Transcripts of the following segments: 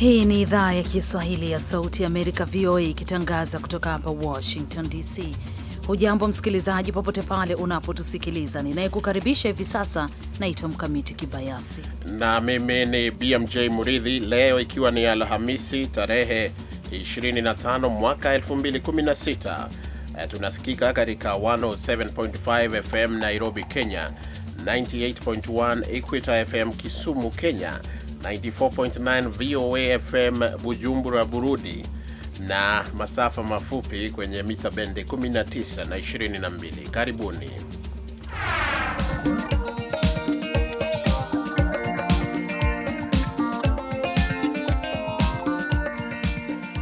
Hii ni idhaa ya Kiswahili ya Sauti ya Amerika, VOA, ikitangaza kutoka hapa Washington DC. Hujambo msikilizaji, popote pale unapotusikiliza. Ninayekukaribisha hivi sasa naitwa Mkamiti Kibayasi na mimi ni BMJ Muridhi. Leo ikiwa ni Alhamisi tarehe 25 mwaka 2016 eh, tunasikika katika 107.5 FM Nairobi, Kenya, 98.1 Equita FM Kisumu, Kenya, 94.9 VOA FM Bujumbura, Burundi na masafa mafupi kwenye mita bende 19 na 22. Karibuni.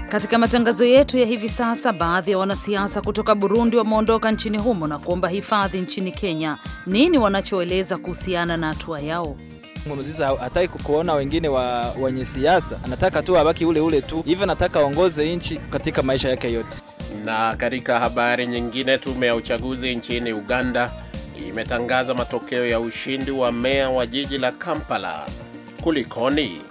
Katika matangazo yetu ya hivi sasa, baadhi ya wanasiasa kutoka Burundi wameondoka nchini humo na kuomba hifadhi nchini Kenya. Nini wanachoeleza kuhusiana na hatua yao? Nkurunziza hataki kukuona wengine wa wenye siasa, anataka tu abaki ule ule tu hivyo, anataka aongoze nchi katika maisha yake yote. Na katika habari nyingine, tume ya uchaguzi nchini Uganda imetangaza matokeo ya ushindi wa meya wa jiji la Kampala. Kulikoni?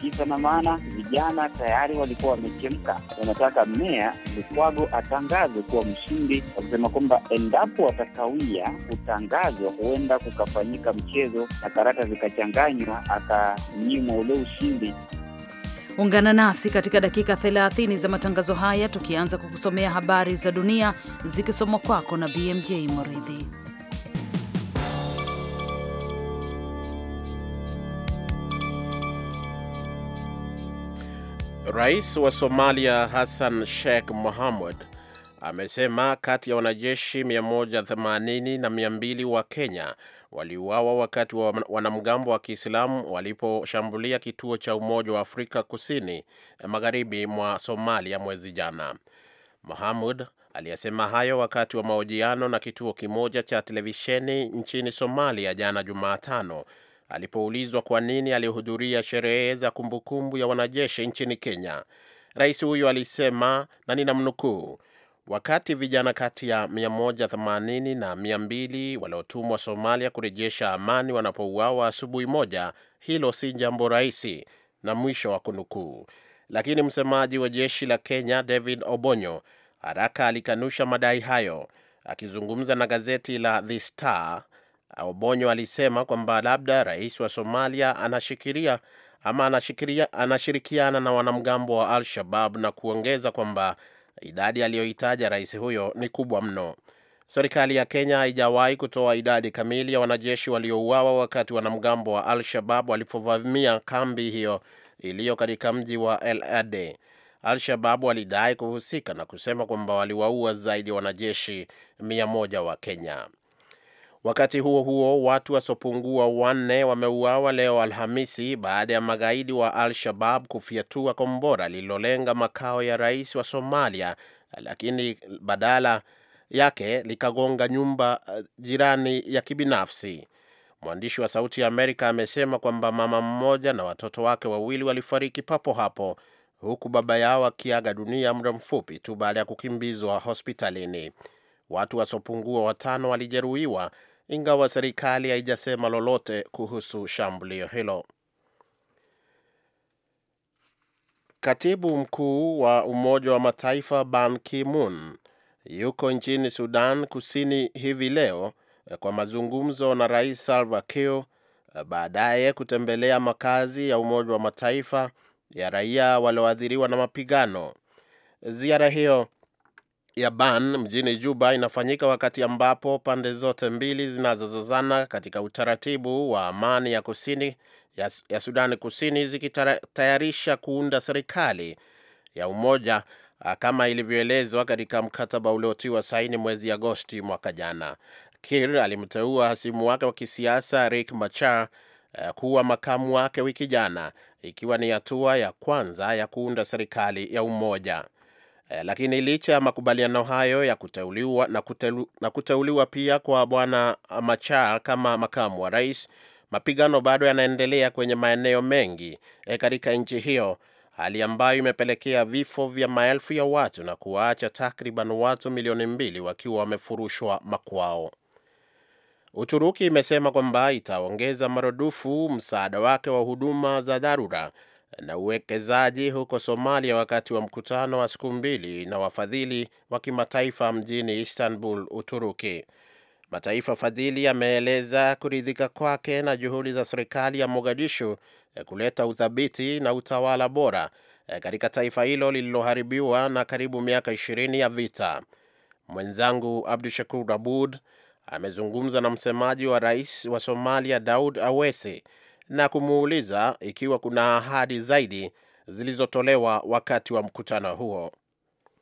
Kisa na maana, vijana tayari walikuwa wamechemka, wanataka meya Lukwago atangazwe kuwa mshindi, wakisema kwamba endapo watakawia kutangazwa, huenda kukafanyika mchezo na karata zikachanganywa, akanyimwa ule ushindi. Ungana nasi katika dakika 30 za matangazo haya, tukianza kukusomea habari za dunia zikisomwa kwako na BMJ Moridhi. Rais wa Somalia Hassan Sheikh Mohamud amesema kati ya wanajeshi 180 na 200 wa Kenya waliuawa wakati wa wanamgambo wa Kiislamu waliposhambulia kituo cha Umoja wa Afrika Kusini eh, magharibi mwa Somalia mwezi jana. Mohamud aliyesema hayo wakati wa mahojiano na kituo kimoja cha televisheni nchini Somalia jana Jumatano alipoulizwa kwa nini alihudhuria sherehe za kumbukumbu ya wanajeshi nchini Kenya. Rais huyo alisema na ninamnukuu, wakati vijana kati ya 180 na 200 waliotumwa Somalia kurejesha amani wanapouawa asubuhi moja, hilo si jambo rahisi, na mwisho wa kunukuu. Lakini msemaji wa jeshi la Kenya David Obonyo haraka alikanusha madai hayo. Akizungumza na gazeti la The Star, Obonyo alisema kwamba labda rais wa Somalia anashikiria ama anashirikiana na wanamgambo wa Al-Shabab na kuongeza kwamba idadi aliyoitaja rais huyo ni kubwa mno. Serikali ya Kenya haijawahi kutoa idadi kamili ya wanajeshi waliouawa wakati wanamgambo wa Al-Shabab walipovamia kambi hiyo iliyo katika mji wa El Ade. Al-Shabab walidai kuhusika na kusema kwamba waliwaua zaidi ya wanajeshi mia moja wa Kenya. Wakati huo huo, watu wasiopungua wanne wameuawa leo Alhamisi baada ya magaidi wa Al-Shabab kufyatua kombora lililolenga makao ya rais wa Somalia, lakini badala yake likagonga nyumba eh, jirani ya kibinafsi. Mwandishi wa Sauti ya Amerika amesema kwamba mama mmoja na watoto wake wawili walifariki papo hapo huku baba yao akiaga dunia muda mfupi tu baada ya kukimbizwa hospitalini. Watu wasiopungua watano walijeruhiwa ingawa serikali haijasema lolote kuhusu shambulio hilo. Katibu mkuu wa Umoja wa Mataifa Ban Ki-moon yuko nchini Sudan Kusini hivi leo eh, kwa mazungumzo na Rais Salva Kiir, eh, baadaye kutembelea makazi ya Umoja wa Mataifa ya raia walioathiriwa na mapigano. Ziara hiyo ya Ban mjini Juba inafanyika wakati ambapo pande zote mbili zinazozozana katika utaratibu wa amani ya kusini ya, ya Sudani Kusini zikitayarisha kuunda serikali ya umoja kama ilivyoelezwa katika mkataba uliotiwa saini mwezi Agosti mwaka jana. Kir alimteua hasimu wake wa kisiasa rik Machar kuwa makamu wake wiki jana, ikiwa ni hatua ya kwanza ya kuunda serikali ya umoja eh, lakini licha ya makubaliano hayo ya kuteuliwa na, kutelu, na kuteuliwa pia kwa bwana Machar kama makamu wa rais, mapigano bado yanaendelea kwenye maeneo mengi eh, katika nchi hiyo, hali ambayo imepelekea vifo vya maelfu ya watu na kuwaacha takriban watu milioni mbili wakiwa wamefurushwa makwao. Uturuki imesema kwamba itaongeza marudufu msaada wake wa huduma za dharura na uwekezaji huko Somalia wakati wa mkutano wa siku mbili na wafadhili wa kimataifa mjini Istanbul, Uturuki. Mataifa fadhili yameeleza kuridhika kwake na juhudi za serikali ya Mogadishu eh, kuleta uthabiti na utawala bora eh, katika taifa hilo lililoharibiwa na karibu miaka ishirini ya vita. Mwenzangu Abdu Shakur Abud amezungumza na msemaji wa rais wa Somalia Daud Awese na kumuuliza ikiwa kuna ahadi zaidi zilizotolewa wakati wa mkutano huo.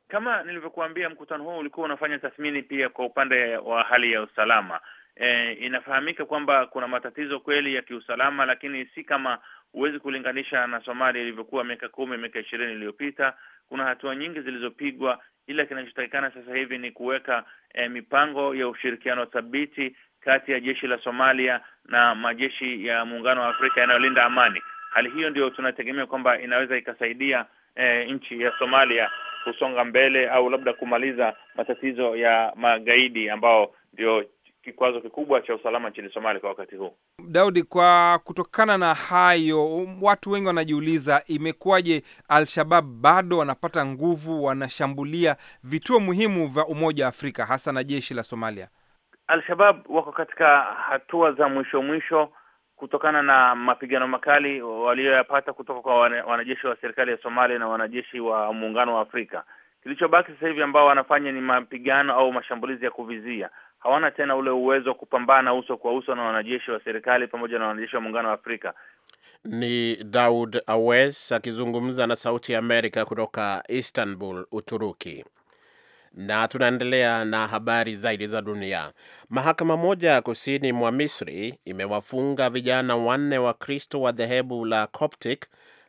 Kama nilivyokuambia, mkutano huo ulikuwa unafanya tathmini pia kwa upande wa hali ya usalama. E, inafahamika kwamba kuna matatizo kweli ya kiusalama, lakini si kama huwezi kulinganisha na Somalia ilivyokuwa miaka kumi, miaka ishirini iliyopita. Kuna hatua nyingi zilizopigwa, ila kinachotakikana sasa hivi ni kuweka e, mipango ya ushirikiano thabiti kati ya jeshi la Somalia na majeshi ya muungano wa Afrika yanayolinda amani. Hali hiyo ndio tunategemea kwamba inaweza ikasaidia e, nchi ya Somalia kusonga mbele au labda kumaliza matatizo ya magaidi ambao ndio kikwazo kikubwa cha usalama nchini Somalia kwa wakati huu. Daudi, kwa kutokana na hayo, watu wengi wanajiuliza imekuwaje Al-Shabab bado wanapata nguvu, wanashambulia vituo muhimu vya Umoja wa Afrika hasa na jeshi la Somalia. Al-Shabab wako katika hatua za mwisho mwisho kutokana na mapigano makali walioyapata kutoka kwa wanajeshi wa serikali ya Somalia na wanajeshi wa muungano wa Afrika. Kilichobaki sasa hivi ambao wanafanya ni mapigano au mashambulizi ya kuvizia. Hawana tena ule uwezo wa kupambana uso kwa uso na wanajeshi wa serikali pamoja na wanajeshi wa muungano wa Afrika. Ni Daud Awes akizungumza na Sauti ya Amerika kutoka Istanbul, Uturuki na tunaendelea na habari zaidi za dunia. Mahakama moja ya kusini mwa Misri imewafunga vijana wanne wa Kristo wa dhehebu la Coptic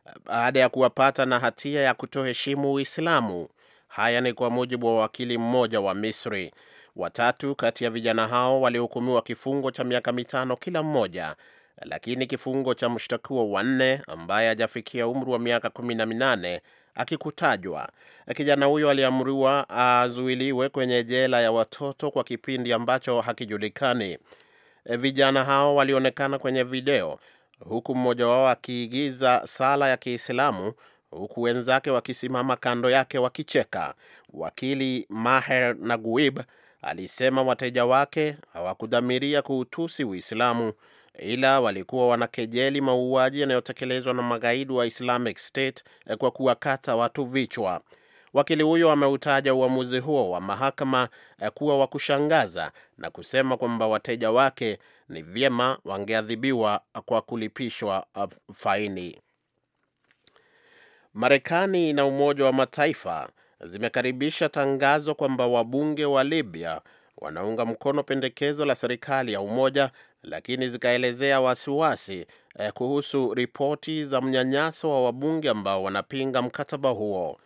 eh, baada ya kuwapata na hatia ya kutoheshimu Uislamu. Haya ni kwa mujibu wa wakili mmoja wa Misri. Watatu kati ya vijana hao walihukumiwa kifungo cha miaka mitano kila mmoja, lakini kifungo cha mshtakiwa wanne ambaye hajafikia umri wa miaka kumi na minane akikutajwa. Kijana huyo aliamriwa azuiliwe kwenye jela ya watoto kwa kipindi ambacho hakijulikani. Vijana hao walionekana kwenye video, huku mmoja wao akiigiza sala ya Kiislamu huku wenzake wakisimama kando yake wakicheka. Wakili Maher Naguib alisema wateja wake hawakudhamiria kuutusi Uislamu ila walikuwa wanakejeli mauaji yanayotekelezwa na magaidi wa Islamic State eh, kwa kuwakata watu vichwa. Wakili huyo ameutaja uamuzi huo wa mahakama eh, kuwa wa kushangaza na kusema kwamba wateja wake ni vyema wangeadhibiwa eh, kwa kulipishwa faini. Marekani na Umoja wa Mataifa zimekaribisha tangazo kwamba wabunge wa Libya wanaunga mkono pendekezo la serikali ya umoja lakini zikaelezea wasiwasi eh, kuhusu ripoti za mnyanyaso wa wabunge ambao wanapinga mkataba huo.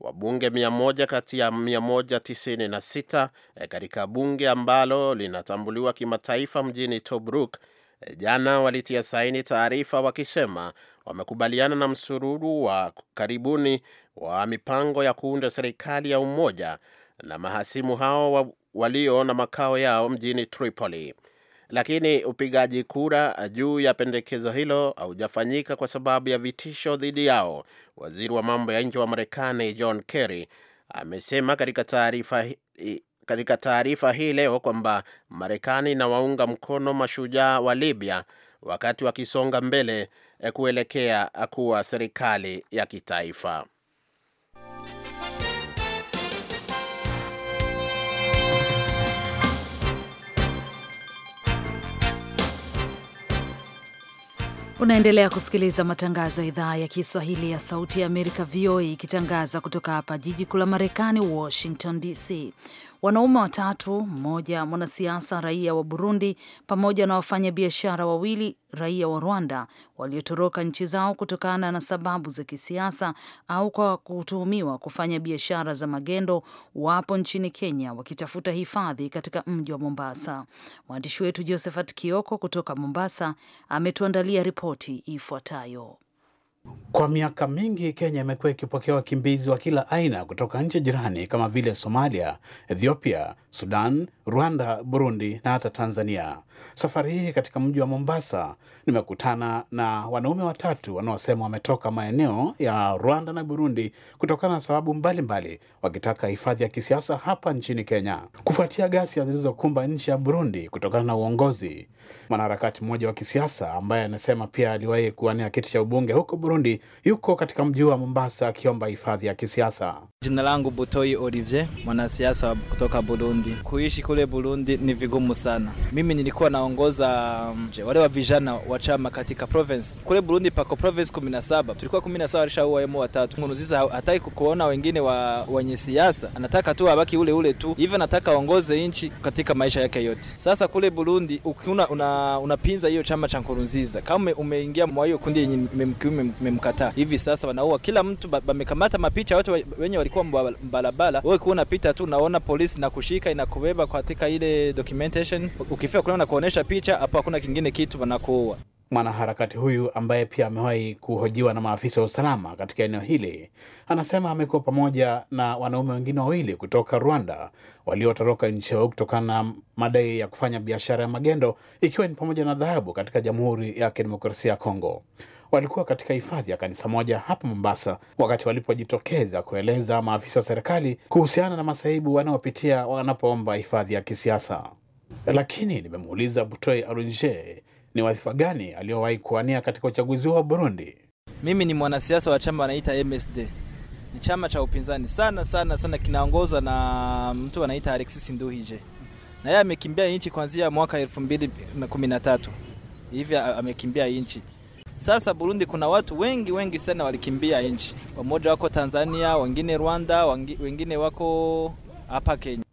Wabunge 100 kati ya 196 eh, katika bunge ambalo linatambuliwa kimataifa mjini Tobruk eh, jana walitia saini taarifa wakisema wamekubaliana na msururu wa karibuni wa mipango ya kuunda serikali ya umoja na mahasimu hao wa, walio na makao yao mjini Tripoli lakini upigaji kura ah, juu ya pendekezo hilo haujafanyika kwa sababu ya vitisho dhidi yao. Waziri wa mambo ya nje wa Marekani John Kerry amesema katika taarifa katika taarifa hii leo kwamba Marekani inawaunga mkono mashujaa wa Libya wakati wakisonga mbele eh, kuelekea ah, kuwa serikali ya kitaifa. Unaendelea kusikiliza matangazo ya idhaa ya Kiswahili ya Sauti ya Amerika, VOA, ikitangaza kutoka hapa jiji kuu la Marekani, Washington DC. Wanaume watatu, mmoja mwanasiasa raia wa Burundi, pamoja na wafanyabiashara wawili raia wa Rwanda waliotoroka nchi zao kutokana na sababu za kisiasa au kwa kutuhumiwa kufanya biashara za magendo, wapo nchini Kenya wakitafuta hifadhi katika mji wa Mombasa. Mwandishi wetu Josephat Kioko kutoka Mombasa ametuandalia ripoti ifuatayo. Kwa miaka mingi Kenya imekuwa ikipokea wakimbizi wa kila aina kutoka nchi jirani kama vile Somalia, Ethiopia, Sudan, Rwanda, Burundi na hata Tanzania. Safari hii katika mji wa Mombasa nimekutana na wanaume watatu wanaosema wametoka maeneo ya Rwanda na Burundi kutokana na sababu mbalimbali mbali, wakitaka hifadhi ya kisiasa hapa nchini Kenya kufuatia ghasia zilizokumba nchi ya Burundi kutokana na uongozi. Mwanaharakati mmoja wa kisiasa ambaye anasema pia aliwahi kuwania kiti cha ubunge huko Burundi yuko katika mji wa Mombasa akiomba hifadhi ya kisiasa. Jina langu Butoi Olivier, mwanasiasa kutoka Burundi, kuishi kule kule Burundi ni vigumu sana. Mimi nilikuwa naongoza mm, wale wa vijana wa chama katika province kule Burundi, pako province 17 tulikuwa 17 yemo watatu. Nkurunziza hataki kuona wengine wa wenye siasa, anataka tu abaki ule ule tu hivyo, anataka aongoze nchi katika maisha yake yote. Sasa kule Burundi ukiuna unapinza una hiyo chama cha Nkurunziza, kama umeingia mwa hiyo kundi yenye memkataa hivi sasa, wanaua kila mtu, bamekamata mapicha wote wenye walikuwa mbalabala, wewe kuona pita tu, naona polisi na kushika inakubeba kwa katika ile documentation, ukifika kuna kuonesha picha hapo, hakuna kingine kitu wanakuua. Mwanaharakati huyu ambaye pia amewahi kuhojiwa na maafisa wa usalama katika eneo hili anasema amekuwa pamoja na wanaume wengine wawili kutoka Rwanda waliotoroka nchi yao kutokana na madai ya kufanya biashara ya magendo, ikiwa ni pamoja na dhahabu katika Jamhuri ya Kidemokrasia ya Kongo walikuwa katika hifadhi ya kanisa moja hapa Mombasa wakati walipojitokeza kueleza maafisa wa serikali kuhusiana na masaibu wanaopitia wanapoomba hifadhi ya kisiasa. Lakini nimemuuliza Butoi Arunje ni wadhifa gani aliyowahi kuwania katika uchaguzi huo wa Burundi. Mimi ni mwanasiasa wa chama wanaita MSD, ni chama cha upinzani sana sana sana, kinaongozwa na mtu anaita Alexis Nduhije, na yeye amekimbia nchi kuanzia mwaka elfu mbili na kumi na tatu hivi amekimbia nchi. Sasa Burundi kuna watu wengi wengi sana walikimbia nchi, wamoja wako Tanzania, wengine Rwanda, wengine wako hapa Kenya.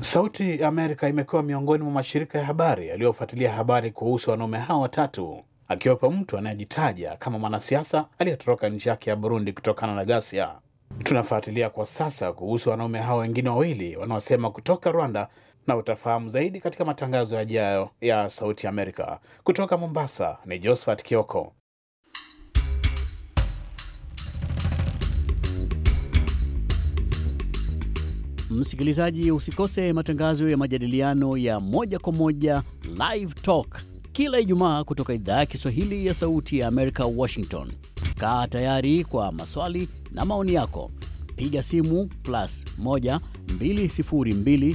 Sauti ya Amerika imekuwa miongoni mwa mashirika ya habari yaliyofuatilia habari kuhusu wanaume hao watatu, akiwepo mtu anayejitaja kama mwanasiasa aliyetoroka nchi yake ya Burundi kutokana na ghasia. Tunafuatilia kwa sasa kuhusu wanaume hao wengine wawili wanaosema kutoka Rwanda na utafahamu zaidi katika matangazo yajayo ya Sauti Amerika. Kutoka Mombasa ni Josephat Kioko. Msikilizaji, usikose matangazo ya majadiliano ya moja kwa moja Live Talk kila Ijumaa kutoka idhaa ya Kiswahili ya Sauti ya Amerika, Washington. Kaa tayari kwa maswali na maoni yako, piga simu plus 1 202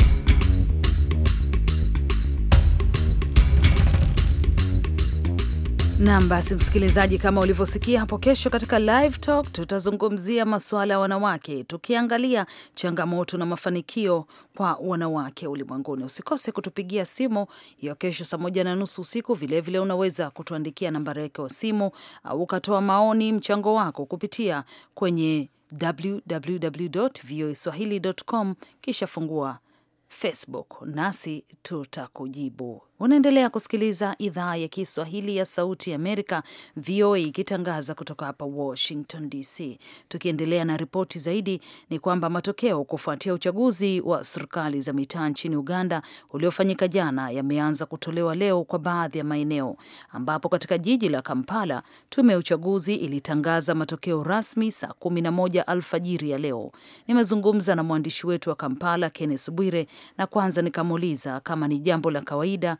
Nam, basi msikilizaji, kama ulivyosikia hapo, kesho katika Live Talk tutazungumzia masuala ya wanawake, tukiangalia changamoto na mafanikio kwa wanawake ulimwenguni. Usikose kutupigia simu hiyo kesho saa moja na nusu usiku. Vilevile vile unaweza kutuandikia nambari yake wa simu au ukatoa maoni, mchango wako kupitia kwenye www voa swahilicom kisha fungua Facebook nasi tutakujibu. Unaendelea kusikiliza idhaa ya Kiswahili ya Sauti ya Amerika, VOA, ikitangaza kutoka hapa Washington DC. Tukiendelea na ripoti zaidi, ni kwamba matokeo kufuatia uchaguzi wa serikali za mitaa nchini Uganda uliofanyika jana yameanza kutolewa leo kwa baadhi ya maeneo, ambapo katika jiji la Kampala tume ya uchaguzi ilitangaza matokeo rasmi saa moja alfajiri ya leo. Nimezungumza na mwandishi wetu wa Kampala, Kenneth Bwire, na kwanza nikamuuliza kama ni jambo la kawaida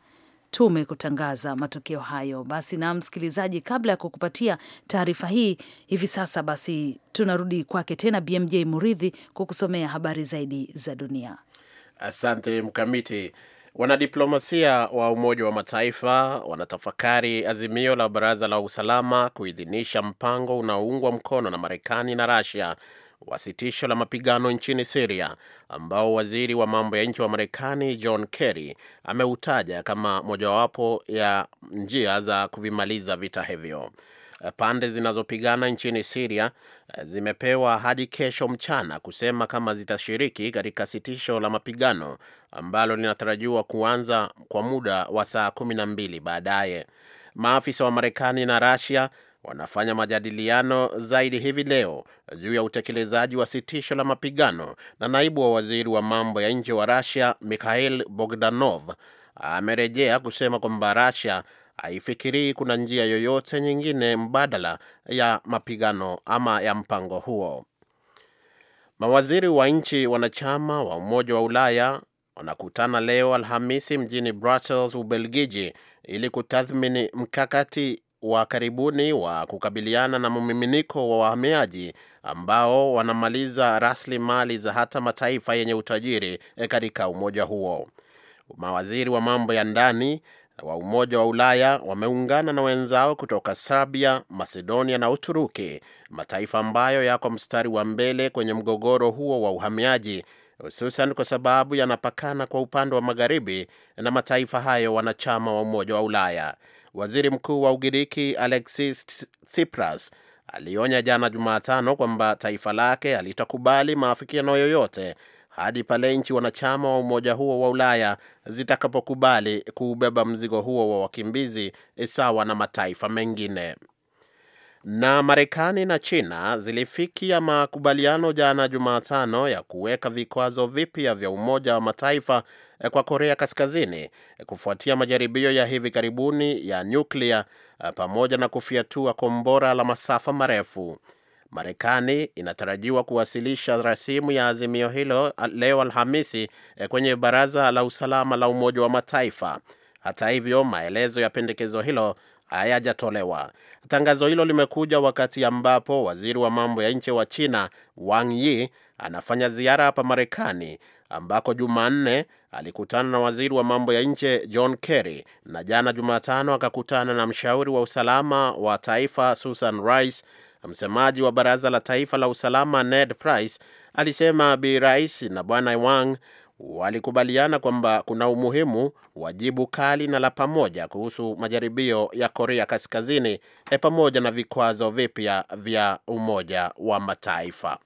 tume kutangaza matokeo hayo. Basi na msikilizaji, kabla ya kukupatia taarifa hii hivi sasa, basi tunarudi kwake tena BMJ Muridhi kukusomea habari zaidi za dunia. Asante Mkamiti. Wanadiplomasia wa Umoja wa Mataifa wanatafakari azimio la Baraza la Usalama kuidhinisha mpango unaoungwa mkono na Marekani na Russia wa sitisho la mapigano nchini Siria ambao waziri wa mambo ya nje wa Marekani John Kerry ameutaja kama mojawapo ya njia za kuvimaliza vita hivyo. Eh, pande zinazopigana nchini Siria eh, zimepewa hadi kesho mchana kusema kama zitashiriki katika sitisho la mapigano ambalo linatarajiwa kuanza kwa muda wa saa kumi na mbili baadaye. Maafisa wa Marekani na Rasia wanafanya majadiliano zaidi hivi leo juu ya utekelezaji wa sitisho la mapigano, na naibu wa waziri wa mambo ya nje wa Russia Mikhail Bogdanov amerejea kusema kwamba Russia haifikirii kuna njia yoyote nyingine mbadala ya mapigano ama ya mpango huo. Mawaziri wa nchi wanachama wa Umoja wa Ulaya wanakutana leo Alhamisi mjini Brussels, Ubelgiji, ili kutathmini mkakati wa karibuni wa kukabiliana na mmiminiko wa wahamiaji ambao wanamaliza rasilimali za hata mataifa yenye utajiri eh, katika umoja huo. Mawaziri wa mambo ya ndani wa Umoja wa Ulaya wameungana na wenzao kutoka Serbia, Macedonia na Uturuki, mataifa ambayo yako mstari wa mbele kwenye mgogoro huo wa uhamiaji, hususan kwa sababu yanapakana kwa upande wa magharibi na mataifa hayo wanachama wa Umoja wa Ulaya. Waziri Mkuu wa Ugiriki Alexis Tsipras alionya jana Jumatano kwamba taifa lake halitakubali maafikiano yoyote hadi pale nchi wanachama wa umoja huo wa Ulaya zitakapokubali kuubeba mzigo huo wa wakimbizi sawa na mataifa mengine. Na Marekani na China zilifikia makubaliano jana Jumatano ya kuweka vikwazo vipya vya Umoja wa Mataifa Eh, kwa Korea Kaskazini eh, kufuatia majaribio ya hivi karibuni ya nyuklia eh, pamoja na kufiatua kombora la masafa marefu. Marekani inatarajiwa kuwasilisha rasimu ya azimio hilo ah, leo Alhamisi kwenye Baraza la Usalama la Umoja wa Mataifa. Hata hivyo, maelezo ya pendekezo hilo hayajatolewa. Tangazo hilo limekuja wakati ambapo waziri wa mambo ya nje wa China Wang Yi anafanya ziara hapa Marekani ambako Jumanne alikutana na waziri wa mambo ya nje John Kerry na jana Jumatano akakutana na mshauri wa usalama wa taifa Susan Rice. Msemaji wa baraza la taifa la usalama Ned Price alisema Bi Rice na Bwana Wang walikubaliana kwamba kuna umuhimu wa jibu kali na la pamoja kuhusu majaribio ya Korea Kaskazini eh, pamoja na vikwazo vipya vya Umoja wa Mataifa.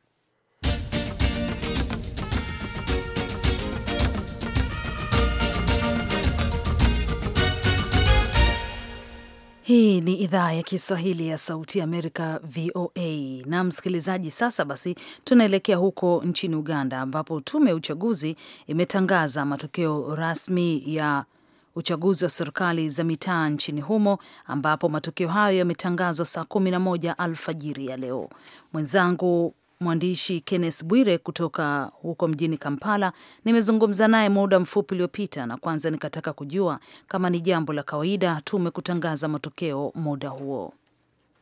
Hii ni idhaa ya Kiswahili ya Sauti ya Amerika, VOA. Na msikilizaji, sasa basi tunaelekea huko nchini Uganda, ambapo tume ya uchaguzi imetangaza matokeo rasmi ya uchaguzi wa serikali za mitaa nchini humo ambapo matokeo hayo yametangazwa saa 11 alfajiri ya leo. Mwenzangu mwandishi Kenneth Bwire kutoka huko mjini Kampala. Nimezungumza naye muda mfupi uliopita, na kwanza nikataka kujua kama ni jambo la kawaida tume kutangaza matokeo muda huo.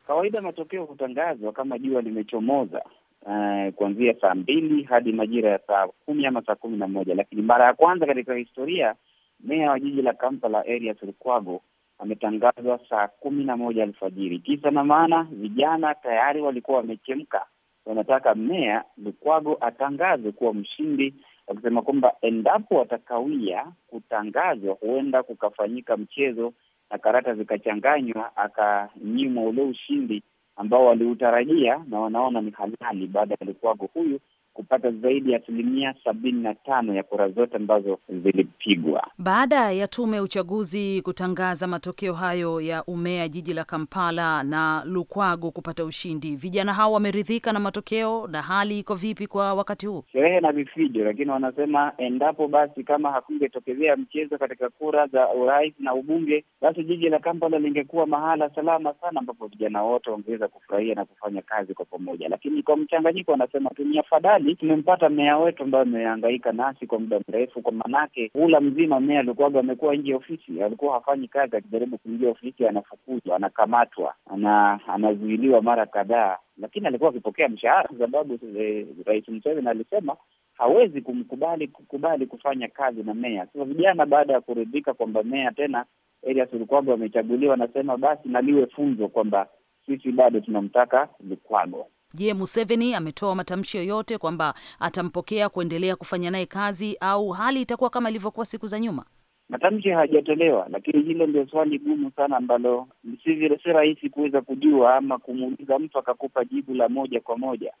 Kawaida matokeo hutangazwa kama jua limechomoza Uh, kuanzia saa mbili hadi majira ya saa kumi ama saa kumi na moja, lakini mara ya kwanza katika historia meya wa jiji la Kampala Erias Lukwago ametangazwa saa kumi na moja alfajiri. Kisa na maana, vijana tayari walikuwa wamechemka wanataka meya Lukwago atangazwe kuwa mshindi, wakisema kwamba endapo watakawia kutangazwa, huenda kukafanyika mchezo na karata zikachanganywa, akanyimwa ule ushindi ambao waliutarajia na wanaona ni halali baada ya Lukwago huyu kupata zaidi ya asilimia sabini na tano ya kura zote ambazo zilipigwa. Baada ya tume ya uchaguzi kutangaza matokeo hayo ya umea jiji la Kampala na Lukwago kupata ushindi, vijana hao wameridhika na matokeo, na hali iko vipi kwa wakati huu? Sherehe na vifijo, lakini wanasema endapo basi kama hakungetokezea mchezo katika kura za urais na ubunge, basi jiji la Kampala lingekuwa mahala salama sana, ambapo vijana wote wangeweza kufurahia na kufanya kazi kwa pamoja, lakini kwa mchanganyiko, wanasema tu ni afadhali maji, tumempata meya wetu ambayo amehangaika nasi kwa muda mrefu, kwa maanake hula mzima meya alikuwaga amekuwa nje ya ofisi, alikuwa hafanyi kazi. Akijaribu kuingia ofisi anafukuzwa, anakamatwa, ana, anazuiliwa mara kadhaa, lakini alikuwa akipokea mshahara kwa sababu e, Rais Museveni alisema hawezi kumkubali kukubali kufanya kazi na meya. Sasa vijana baada ya kuridhika kwamba meya tena Elias Lukwago amechaguliwa, anasema basi naliwe funzo kwamba sisi bado tunamtaka Lukwago. Je, Museveni ametoa matamshi yoyote kwamba atampokea kuendelea kufanya naye kazi au hali itakuwa kama ilivyokuwa siku za nyuma? Matamshi hayajatolewa, lakini hilo ndio swali gumu sana ambalo si rahisi kuweza kujua ama kumuuliza mtu akakupa jibu la moja kwa moja,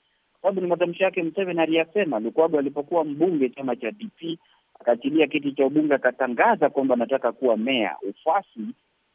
kwa sababu ni matamshi yake Museveni aliyasema. Lukwago alipokuwa mbunge chama cha DP, akaachilia kiti cha ubunge, akatangaza kwamba anataka kuwa meya. Ufuasi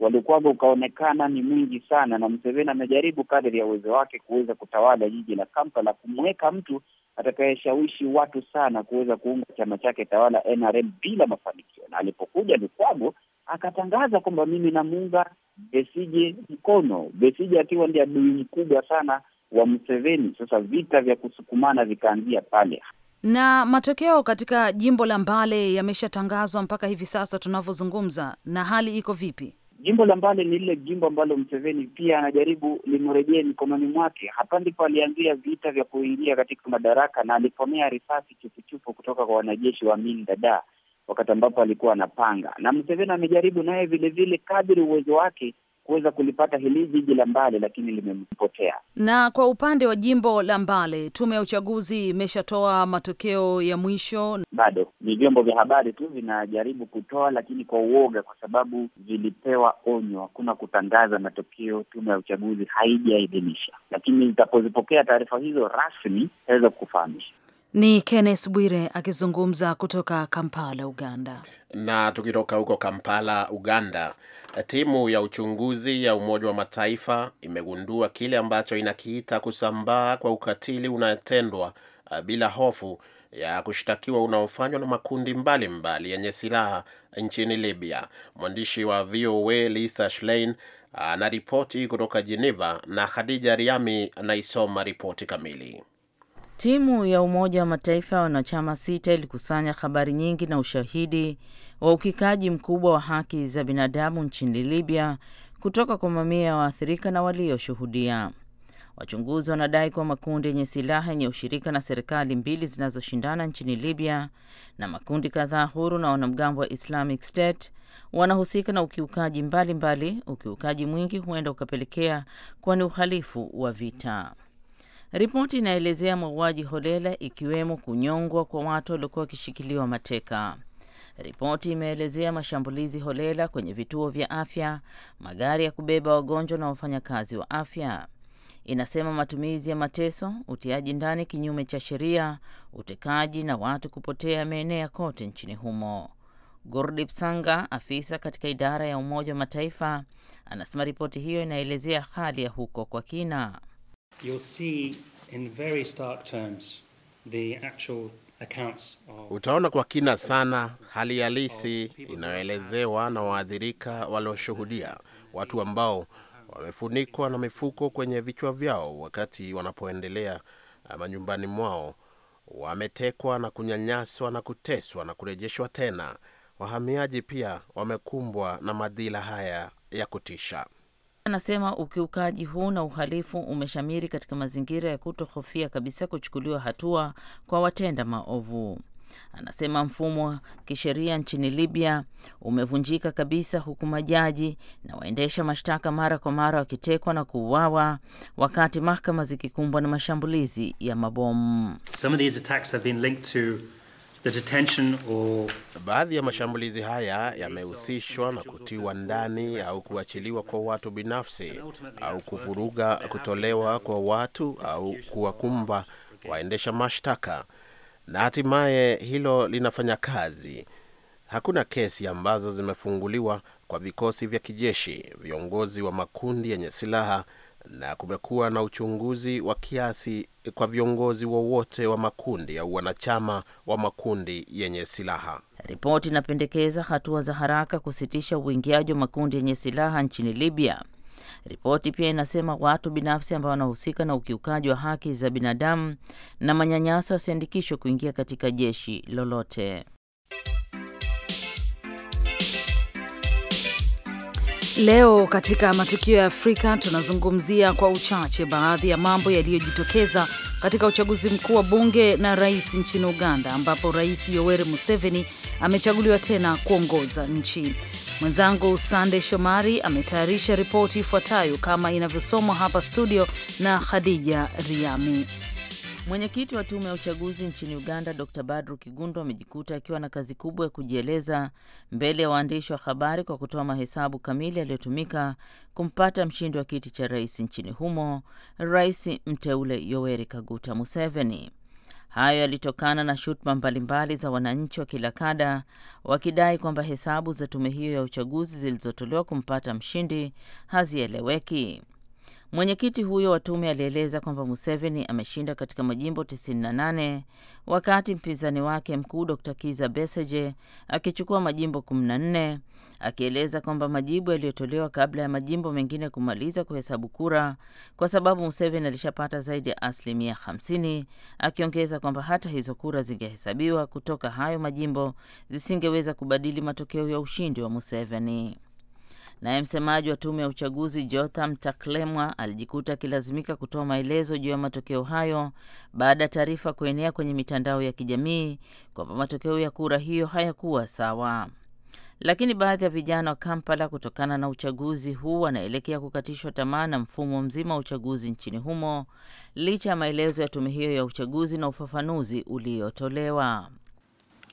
waliokuwaga ukaonekana ni mwingi sana, na Museveni amejaribu kadri ya uwezo wake kuweza kutawala jiji la Kampala, kumweka mtu atakayeshawishi watu sana kuweza kuunga chama chake tawala NRM bila mafanikio. Na alipokuja Lukwago akatangaza kwamba mimi namuunga Besije mkono, Besije akiwa ndiye adui mkubwa sana wa Museveni. Sasa vita vya kusukumana vikaanzia pale na matokeo katika jimbo la Mbale yameshatangazwa mpaka hivi sasa tunavyozungumza, na hali iko vipi? Jimbo la Mbale ni lile jimbo ambalo Mseveni pia anajaribu limrejee mikononi mwake. Hapa ndipo alianzia vita vya kuingia katika madaraka na aliponea risasi chupuchupu kutoka kwa wanajeshi wa Amin Dada wakati ambapo alikuwa anapanga, na Mseveni amejaribu naye vilevile kadri uwezo wake kuweza kulipata hili jiji la Mbale, lakini limempotea. Na kwa upande wa jimbo la Mbale, tume ya uchaguzi imeshatoa matokeo ya mwisho. Bado ni vyombo vya habari tu vinajaribu kutoa, lakini kwa uoga, kwa sababu vilipewa onyo, hakuna kutangaza matokeo. Tume ya uchaguzi haijaidhinisha, lakini itapozipokea taarifa hizo rasmi itaweza kufahamisha. Ni Kenneth Bwire akizungumza kutoka Kampala, Uganda. Na tukitoka huko Kampala, Uganda, timu ya uchunguzi ya Umoja wa Mataifa imegundua kile ambacho inakiita kusambaa kwa ukatili unayotendwa uh, bila hofu ya kushtakiwa unaofanywa na makundi mbalimbali yenye silaha nchini Libya. Mwandishi wa VOA Lisa Schlein anaripoti kutoka Geneva na Khadija Riami anaisoma ripoti kamili. Timu ya Umoja wa Mataifa ya wanachama sita ilikusanya habari nyingi na ushahidi wa ukikaji mkubwa wa haki za binadamu nchini Libya kutoka kwa mamia ya waathirika na walioshuhudia. Wachunguzi wanadai kuwa makundi yenye silaha yenye ushirika na serikali mbili zinazoshindana nchini Libya na makundi kadhaa huru na wanamgambo wa Islamic State wanahusika na ukiukaji mbalimbali mbali. Ukiukaji mwingi huenda ukapelekea kwani uhalifu wa vita. Ripoti inaelezea mauaji holela, ikiwemo kunyongwa kwa watu waliokuwa wakishikiliwa mateka. Ripoti imeelezea mashambulizi holela kwenye vituo vya afya, magari ya kubeba wagonjwa na wafanyakazi wa afya. Inasema matumizi ya mateso, utiaji ndani kinyume cha sheria, utekaji na watu kupotea ameenea kote nchini humo. Gurdip Sanga, afisa katika idara ya Umoja wa Mataifa, anasema ripoti hiyo inaelezea hali ya huko kwa kina. Utaona kwa kina sana hali halisi inayoelezewa na waathirika walioshuhudia, watu ambao wamefunikwa na mifuko kwenye vichwa vyao wakati wanapoendelea uh, manyumbani mwao, wametekwa na kunyanyaswa na kuteswa na kurejeshwa tena. Wahamiaji pia wamekumbwa na madhila haya ya kutisha. Anasema ukiukaji huu na uhalifu umeshamiri katika mazingira ya kutohofia kabisa kuchukuliwa hatua kwa watenda maovu. Anasema mfumo wa kisheria nchini Libya umevunjika kabisa, huku majaji na waendesha mashtaka mara kwa mara wakitekwa na kuuawa, wakati mahakama zikikumbwa na mashambulizi ya mabomu. Some of these attacks have been linked to Baadhi ya mashambulizi haya yamehusishwa na kutiwa ndani au kuachiliwa kwa watu binafsi au kuvuruga kutolewa kwa watu au kuwakumba waendesha mashtaka, na hatimaye hilo linafanya kazi. Hakuna kesi ambazo zimefunguliwa kwa vikosi vya kijeshi, viongozi wa makundi yenye silaha na kumekuwa na uchunguzi wa kiasi kwa viongozi wowote wa, wa makundi au wanachama wa makundi yenye silaha. Ripoti inapendekeza hatua za haraka kusitisha uingiaji wa makundi yenye silaha nchini Libya. Ripoti pia inasema watu binafsi ambao wanahusika na ukiukaji wa haki za binadamu na manyanyaso wasiandikishwe kuingia katika jeshi lolote. Leo katika matukio ya Afrika tunazungumzia kwa uchache baadhi ya mambo yaliyojitokeza katika uchaguzi mkuu wa bunge na rais nchini Uganda, ambapo Rais Yoweri Museveni amechaguliwa tena kuongoza nchi. Mwenzangu Sande Shomari ametayarisha ripoti ifuatayo kama inavyosomwa hapa studio na Khadija Riami. Mwenyekiti wa tume ya uchaguzi nchini Uganda, Dr Badru Kigundo, amejikuta akiwa na kazi kubwa ya kujieleza mbele ya waandishi wa habari kwa kutoa mahesabu kamili yaliyotumika kumpata mshindi wa kiti cha rais nchini humo, rais mteule Yoweri Kaguta Museveni. Hayo yalitokana na shutuma mbalimbali za wananchi wa kila kada wakidai kwamba hesabu za tume hiyo ya uchaguzi zilizotolewa kumpata mshindi hazieleweki. Mwenyekiti huyo wa tume alieleza kwamba Museveni ameshinda katika majimbo 98 wakati mpinzani wake mkuu Dr. Kiza Beseje akichukua majimbo 14 akieleza kwamba majibu yaliyotolewa kabla ya majimbo mengine kumaliza kuhesabu kura kwa sababu Museveni alishapata zaidi ya asilimia 50, akiongeza kwamba hata hizo kura zingehesabiwa kutoka hayo majimbo zisingeweza kubadili matokeo ya ushindi wa Museveni. Naye msemaji wa tume ya uchaguzi Jotham Taklemwa alijikuta akilazimika kutoa maelezo juu ya matokeo hayo baada ya taarifa kuenea kwenye mitandao ya kijamii kwamba matokeo ya kura hiyo hayakuwa sawa. Lakini baadhi ya vijana wa Kampala, kutokana na uchaguzi huu, wanaelekea kukatishwa tamaa na mfumo mzima wa uchaguzi nchini humo, licha ya maelezo ya tume hiyo ya uchaguzi na ufafanuzi uliotolewa.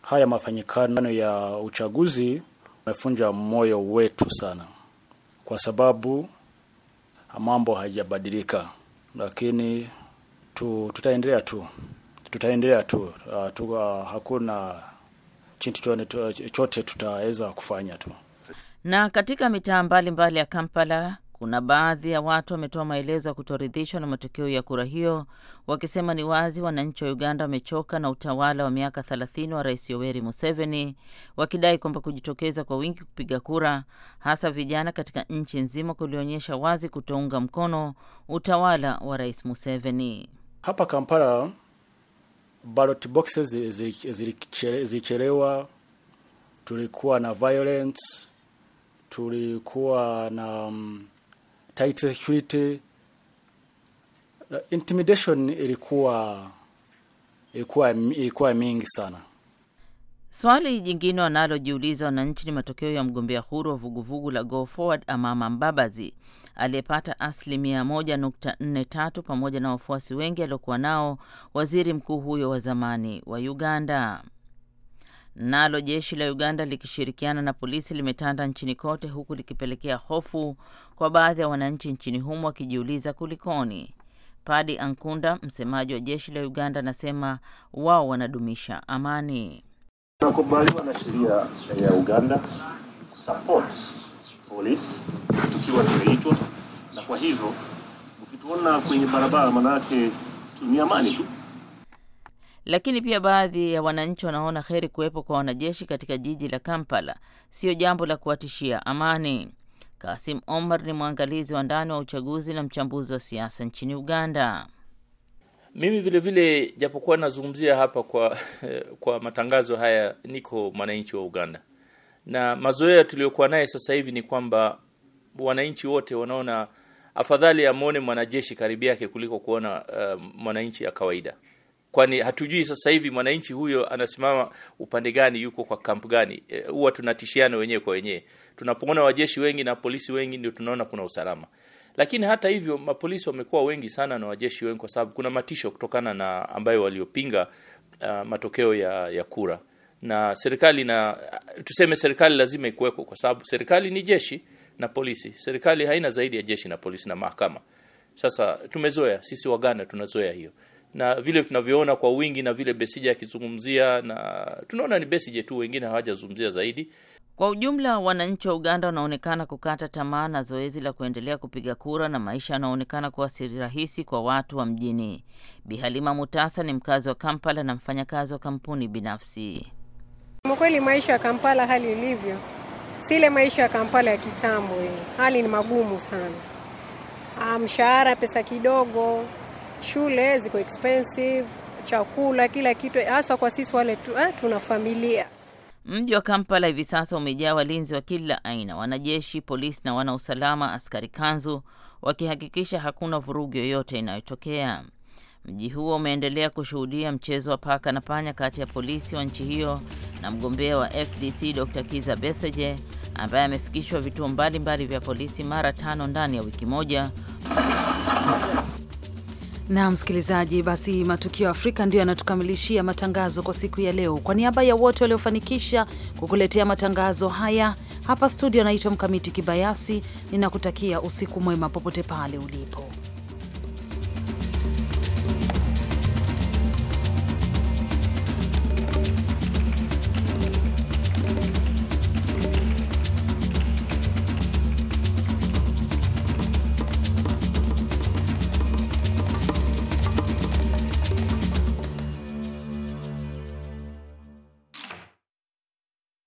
Haya mafanyikano ya uchaguzi amefunja moyo wetu sana kwa sababu mambo hajabadilika lakini tu, tutaendelea tu tutaendelea tu, uh, tu uh, hakuna chintu chote tutaweza kufanya tu. Na katika mitaa mbalimbali ya Kampala kuna baadhi ya watu wametoa maelezo ya kutoridhishwa na matokeo ya kura hiyo, wakisema ni wazi wananchi wa Uganda wamechoka na utawala wa miaka 30 wa Rais Yoweri Museveni, wakidai kwamba kujitokeza kwa wingi kupiga kura, hasa vijana, katika nchi nzima kulionyesha wazi kutounga mkono utawala wa Rais Museveni. Hapa Kampala ballot boxes zilichelewa, tulikuwa na violence, tulikuwa na um, tight security intimidation ilikuwa ilikuwa ilikuwa mingi sana. Swali jingine wanalojiuliza wananchi ni matokeo ya mgombea huru wa vuguvugu la Go Forward Amama Mbabazi aliyepata asilimia moja nukta nne tatu pamoja na wafuasi wengi aliokuwa nao waziri mkuu huyo wa zamani wa Uganda. Nalo jeshi la Uganda likishirikiana na polisi limetanda nchini kote huku likipelekea hofu kwa baadhi ya wananchi nchini humo wakijiuliza kulikoni. Padi Ankunda, msemaji wa jeshi la Uganda, anasema wao wanadumisha amani. Tunakubaliwa na sheria ya Uganda kusupport polisi tukiwa tumeitwa, na kwa hivyo ukituona kwenye barabara, manake tuni amani tu. Lakini pia baadhi ya wananchi wanaona heri kuwepo kwa wanajeshi katika jiji la Kampala, sio jambo la kuwatishia amani. Kasim Omar ni mwangalizi wa ndani wa uchaguzi na mchambuzi wa siasa nchini Uganda. Mimi vile vile japokuwa nazungumzia hapa kwa kwa matangazo haya, niko mwananchi wa Uganda, na mazoea tuliyokuwa naye sasa hivi ni kwamba wananchi wote wanaona afadhali amwone mwanajeshi karibu yake kuliko kuona uh, mwananchi ya kawaida, kwani hatujui sasa hivi mwananchi huyo anasimama upande gani, yuko kwa kampu gani. Eh, huwa uh, tunatishiana wenyewe kwa wenyewe tunapoona wajeshi wengi na polisi wengi ndio tunaona kuna usalama. Lakini hata hivyo mapolisi wamekuwa wengi sana na wajeshi wengi, kwa sababu kuna matisho kutokana na ambayo waliopinga uh, matokeo ya, ya kura na serikali na uh, tuseme serikali lazima ikuweko, kwa sababu serikali ni jeshi na polisi. Serikali haina zaidi ya jeshi na polisi na mahakama. Sasa tumezoea sisi Waganda, tunazoea hiyo na vile tunavyoona kwa wingi na vile Besija akizungumzia, na tunaona ni Besije tu, wengine hawajazungumzia zaidi. Kwa ujumla, wananchi wa Uganda wanaonekana kukata tamaa na zoezi la kuendelea kupiga kura na maisha yanaonekana kuwa si rahisi kwa watu wa mjini. Bihalima Mutasa ni mkazi wa Kampala na mfanyakazi wa kampuni binafsi. kweli maisha ya Kampala hali ilivyo si ile maisha ya Kampala ya kitambo. Hii hali ni magumu sana, ah, mshahara pesa kidogo, shule ziko expensive, chakula kila kitu, hasa kwa sisi wale tu, ha, eh, tuna familia Mji wa Kampala hivi sasa umejaa walinzi wa kila aina, wanajeshi, polisi na wanausalama, askari kanzu wakihakikisha hakuna vurugu yoyote inayotokea. Mji huo umeendelea kushuhudia mchezo wa paka na panya kati ya polisi wa nchi hiyo na mgombea wa FDC Dr. Kiza Besigye ambaye amefikishwa vituo mbalimbali vya polisi mara tano ndani ya wiki moja na msikilizaji, basi matukio ya Afrika ndio yanatukamilishia matangazo kwa siku ya leo. Kwa niaba ya wote waliofanikisha kukuletea matangazo haya hapa studio, anaitwa Mkamiti Kibayasi, ninakutakia usiku mwema popote pale ulipo.